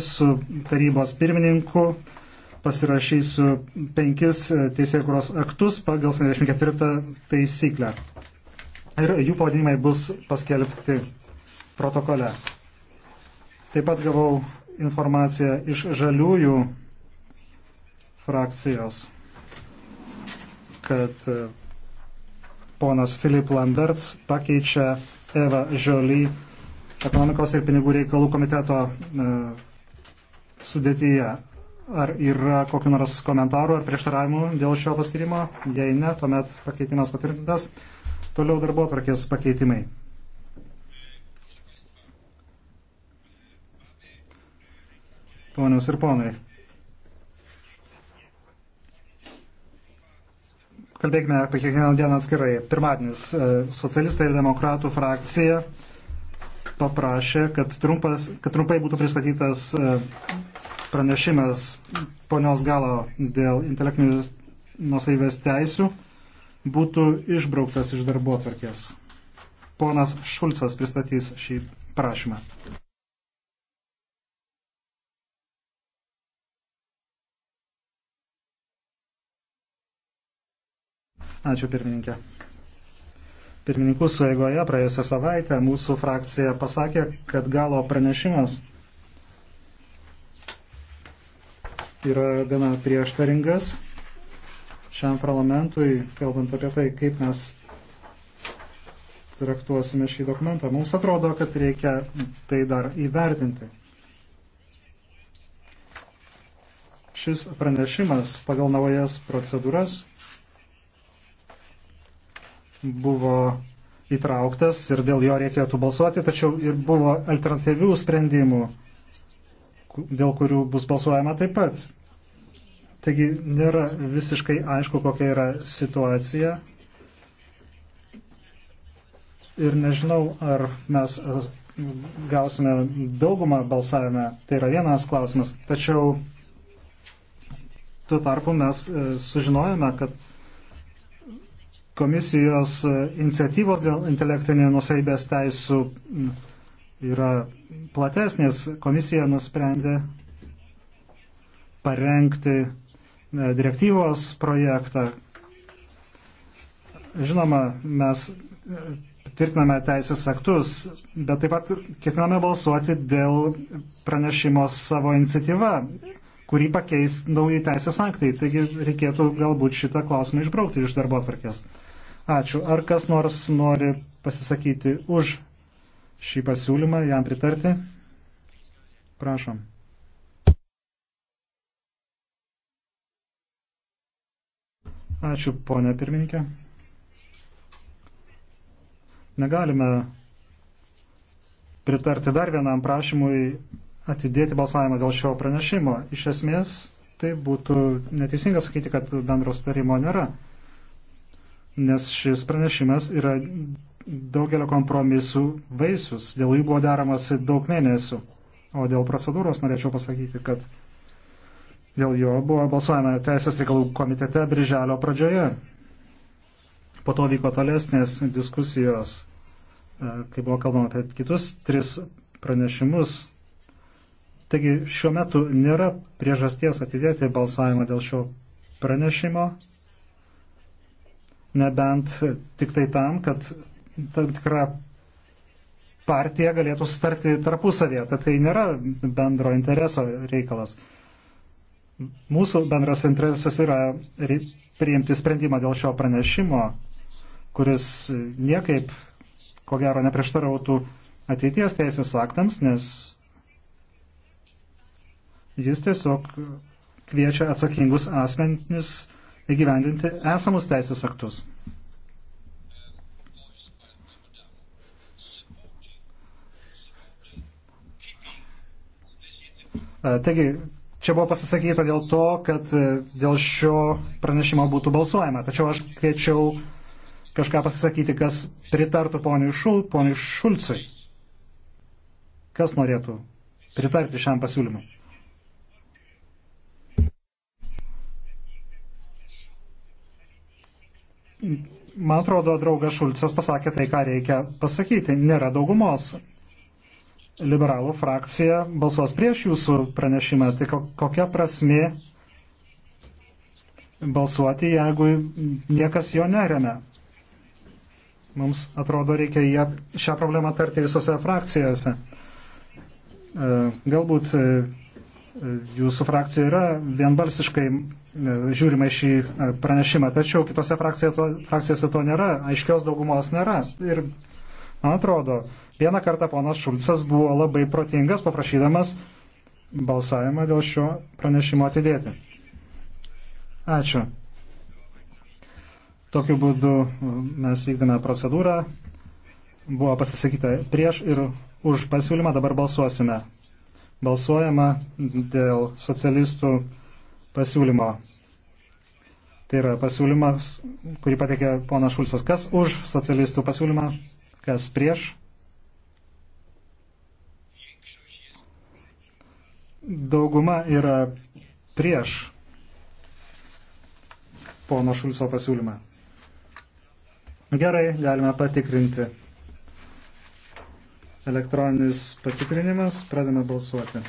su tarybos pirmininku pasirašysiu penkis teisėkuros aktus pagal 74 taisyklę. Ir jų pavadinimai bus paskelbti protokole. Taip pat gavau informaciją iš žaliųjų frakcijos, kad e, ponas Filip Lamberts pakeičia Eva Žioly ekonomikos ir pinigų reikalų komiteto uh, sudėtyje. Ar yra kokiu nors komentaru ar prieštaravimu dėl šio paskirimo? Jei ne, tuomet pakeitimas patvirtintas. Toliau darbo atvarkės pakeitimai. Ponios ir ponai. Kalbėkime apie kiekvieną dieną atskirai. Pirmadienis e, socialistai ir demokratų frakcija paprašė, kad, trumpas, kad trumpai būtų pristatytas e, pranešimas ponios galo dėl intelektinių nusaivės teisių būtų išbrauktas iš darbo atvarkės. Ponas Šulcas pristatys šį prašymą. Ačiū pirmininkė. Pirmininkų sueigoje praėjusią savaitę mūsų frakcija pasakė, kad galo pranešimas yra gana prieštaringas šiam parlamentui, kalbant apie tai, kaip mes traktuosime šį dokumentą. Mums atrodo, kad reikia tai dar įvertinti. Šis pranešimas pagal naujas procedūras buvo įtrauktas ir dėl jo reikėtų balsuoti, tačiau ir buvo alternatyvių sprendimų dėl kurių bus balsuojama taip pat. Taigi nėra visiškai aišku, kokia yra situacija. Ir nežinau, ar mes e, gausime daugumą balsavime. Tai yra vienas klausimas. Tačiau tuo tarpu mes e, sužinojame, kad komisijos e, iniciatyvos dėl intelektinio nusaibės teisų yra platesnės. Komisija nusprendė parengti e, direktyvos projektą. Žinoma, mes e, tvirtiname teisės aktus, bet taip pat ketiname balsuoti dėl pranešimo savo iniciatyva, kurį pakeis nauji teisės aktai. Taigi reikėtų galbūt šitą klausimą išbraukti iš darbo atvarkės. Ačiū. Ar kas nors nori pasisakyti už šį pasiūlymą, jam pritarti? Prašom. Ačiū, ponė pirmininkė. Negalime pritarti dar vienam prašymui atidėti balsavimą dėl šio pranešimo. Iš esmės, tai būtų neteisinga sakyti, kad bendros tarimo nėra nes šis pranešimas yra daugelio kompromisų vaisius. Dėl jų buvo deramasi daug mėnesių. O dėl procedūros norėčiau pasakyti, kad dėl jo buvo balsuojama Teisės reikalų komitete birželio pradžioje. Po to vyko tolesnės diskusijos, e, kai buvo kalbama apie kitus tris pranešimus. Taigi šiuo metu nėra priežasties atidėti balsavimą dėl šio pranešimo, nebent tik tai tam, kad tam tikra partija galėtų sustarti tarpusavėje. Tad tai nėra bendro intereso reikalas. Mūsų bendras interesas yra priimti sprendimą dėl šio pranešimo, kuris niekaip, ko gero, neprieštarautų ateities teisės aktams, nes jis tiesiog kviečia atsakingus asmenys įgyvendinti esamus teisės aktus. E, taigi, čia buvo pasisakyta dėl to, kad e, dėl šio pranešimo būtų balsuojama. Tačiau aš kviečiau kažką pasisakyti, kas pritartų poniui, Šul, poniui Šulcui. Kas norėtų pritarti šiam pasiūlymui? man atrodo, draugas Šulcas pasakė tai, ką reikia pasakyti. Nėra daugumos. Liberalų frakcija balsuos prieš jūsų pranešimą. Tai kokia prasme balsuoti, jeigu niekas jo neremia? Mums atrodo, reikia ją, šią problemą tarti visose frakcijose. E, galbūt e, jūsų frakcija yra vienbalsiškai e, žiūrima šį e, pranešimą, tačiau kitose frakcijose to nėra, aiškios daugumos nėra. Ir man atrodo, vieną kartą ponas Šulcas buvo labai protingas, paprašydamas balsavimą dėl šio pranešimo atidėti. Ačiū. Tokiu būdu e, mes vykdame procedūrą. Buvo pasisakyta prieš ir už pasiūlymą, dabar balsuosime balsuojama dėl socialistų pasiūlymo. Tai yra pasiūlymas, kurį pateikė ponas Šulcas. Kas už socialistų pasiūlymą, kas prieš? Dauguma yra prieš pono Šulco pasiūlymą. Gerai, galime patikrinti. Elektroninis patikrinimas. Pradame balsuoti.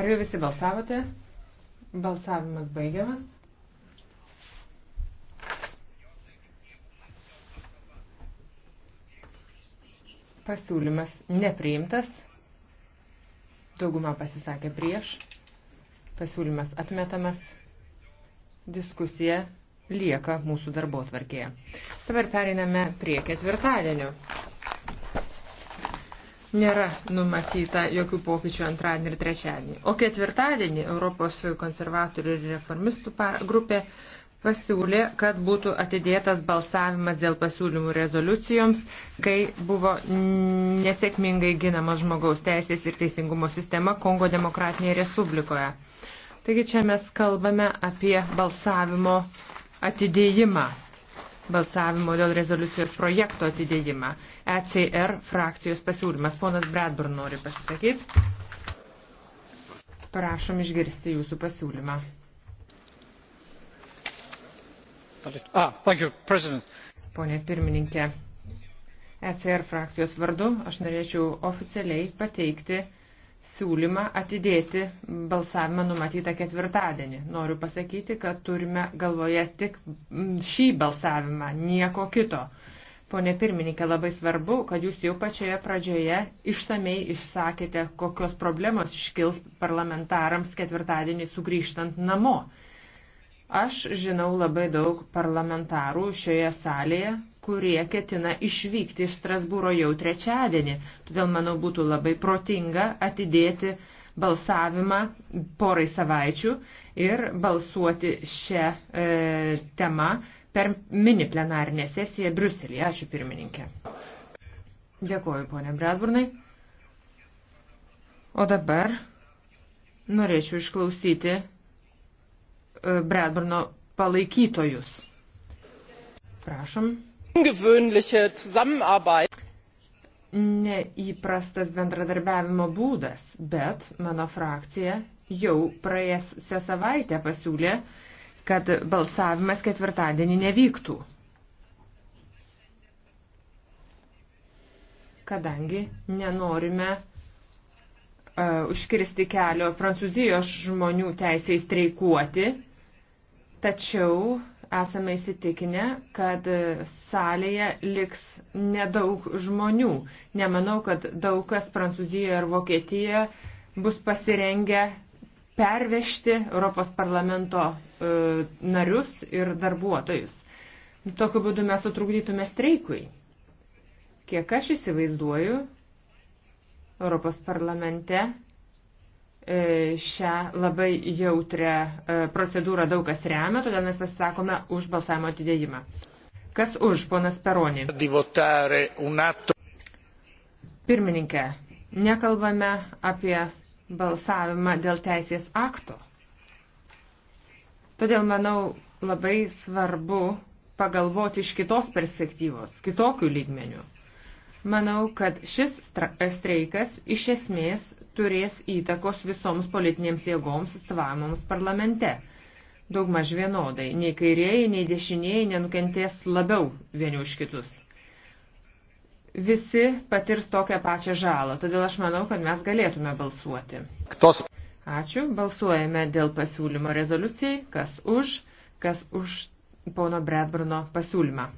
Ar jau visi balsavote? Balsavimas baigiamas. Pasiūlymas nepriimtas. Dauguma pasisakė prieš. Pasiūlymas atmetamas. Diskusija lieka mūsų darbo tvarkėje. Dabar pereiname prie ketvirtadienio. Nėra numatyta jokių pokyčių antradienį ir trečiadienį. O ketvirtadienį Europos konservatorių ir reformistų grupė pasiūlė, kad būtų atidėtas balsavimas dėl pasiūlymų rezoliucijoms, kai buvo nesėkmingai ginama žmogaus teisės ir teisingumo sistema Kongo demokratinėje respublikoje. Taigi čia mes kalbame apie balsavimo atidėjimą, balsavimo dėl rezoliucijos projekto atidėjimą. ECR frakcijos pasiūlymas. Ponas Bradburn nori pasisakyti. Prašom išgirsti jūsų pasiūlymą. Ah, you, Pone pirmininkė, ECR frakcijos vardu aš norėčiau oficialiai pateikti siūlymą atidėti balsavimą numatytą ketvirtadienį. Noriu pasakyti, kad turime galvoje tik šį balsavimą, nieko kito. Pone pirmininkė, labai svarbu, kad jūs jau pačioje pradžioje išsamei išsakėte, kokios problemos iškils parlamentarams ketvirtadienį sugrįžtant namo. Aš žinau labai daug parlamentarų šioje salėje, kurie ketina išvykti iš Strasbūro jau trečiadienį. Todėl, manau, būtų labai protinga atidėti balsavimą porai savaičių ir balsuoti šią e, temą per mini plenarinę sesiją Briuselėje. Ačiū pirmininkė. Dėkuoju, ponė Bradburnai. O dabar norėčiau išklausyti e, Bradburno palaikytojus. Prašom ungewöhnliche Zusammenarbeit. Neįprastas bendradarbiavimo būdas, bet mano frakcija jau praėjusią savaitę pasiūlė, kad balsavimas ketvirtadienį nevyktų. Kadangi nenorime uh, užkirsti kelio prancūzijos žmonių teisiai streikuoti, tačiau esame įsitikinę, kad salėje liks nedaug žmonių. Nemanau, kad daug kas Prancūzijoje ar Vokietijoje bus pasirengę pervežti Europos parlamento e, narius ir darbuotojus. Tokiu būdu mes sutrukdytume streikui. Kiek aš įsivaizduoju, Europos parlamente E, šią labai jautrę e, procedūrą daug kas remia, todėl mes pasisakome už balsavimo atidėjimą. Kas už, ponas Peronį? Pirmininkė, nekalbame apie balsavimą dėl teisės akto. Todėl, manau, labai svarbu pagalvoti iš kitos perspektyvos, kitokių lygmenių. Manau, kad šis streikas iš esmės turės įtakos visoms politinėms jėgoms atstovavimoms parlamente. Daugmaž vienodai. Nei kairieji, nei dešinieji nenukentės labiau vieni už kitus. Visi patirs tokią pačią žalą, todėl aš manau, kad mes galėtume balsuoti. Ktos? Ačiū. Balsuojame dėl pasiūlymo rezoliucijai, kas už, kas už pono Bredbruno pasiūlymą.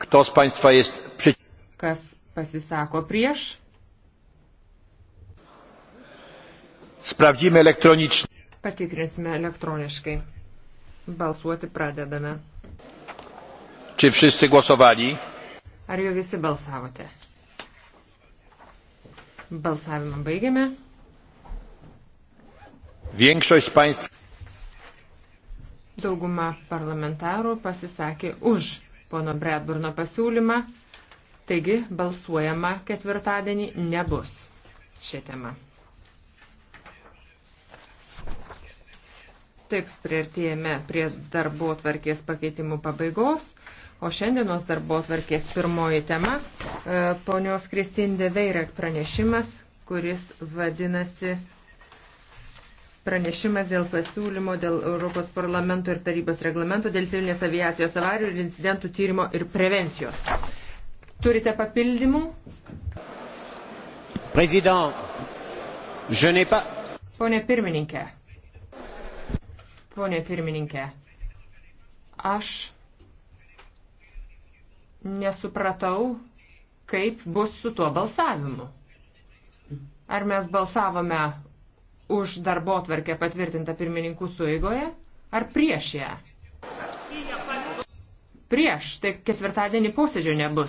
Kto z Państwa jest przeciw? Kas pasisako prieš? Sprawdzimy elektronicznie. Patikrinsime elektroniškai. Balsuoti pradedame. Czy wszyscy głosowali? Ar jau visi balsavote? Balsavimą baigiame. Większość z państw. Dauguma parlamentarų pasisakė už pono Bradburno pasiūlymą, taigi balsuojama ketvirtadienį nebus šią temą. Taip, prieartėjame prie darbo tvarkės pakeitimų pabaigos, o šiandienos darbo tvarkės pirmoji tema e, - ponios Kristindė Veirek pranešimas, kuris vadinasi pranešimas dėl pasiūlymo dėl Europos parlamento ir tarybos reglamento dėl civilinės aviacijos avarijų ir incidentų tyrimo ir prevencijos. Turite papildymų? Prezident, je n'ai pas. Pone pirmininkė. Pone pirmininkė. Aš nesupratau, kaip bus su tuo balsavimu. Ar mes balsavome už darbo tvarkę patvirtintą pirmininkų suigoje ar prieš ją? Prieš, tai ketvirtadienį posėdžio nebus.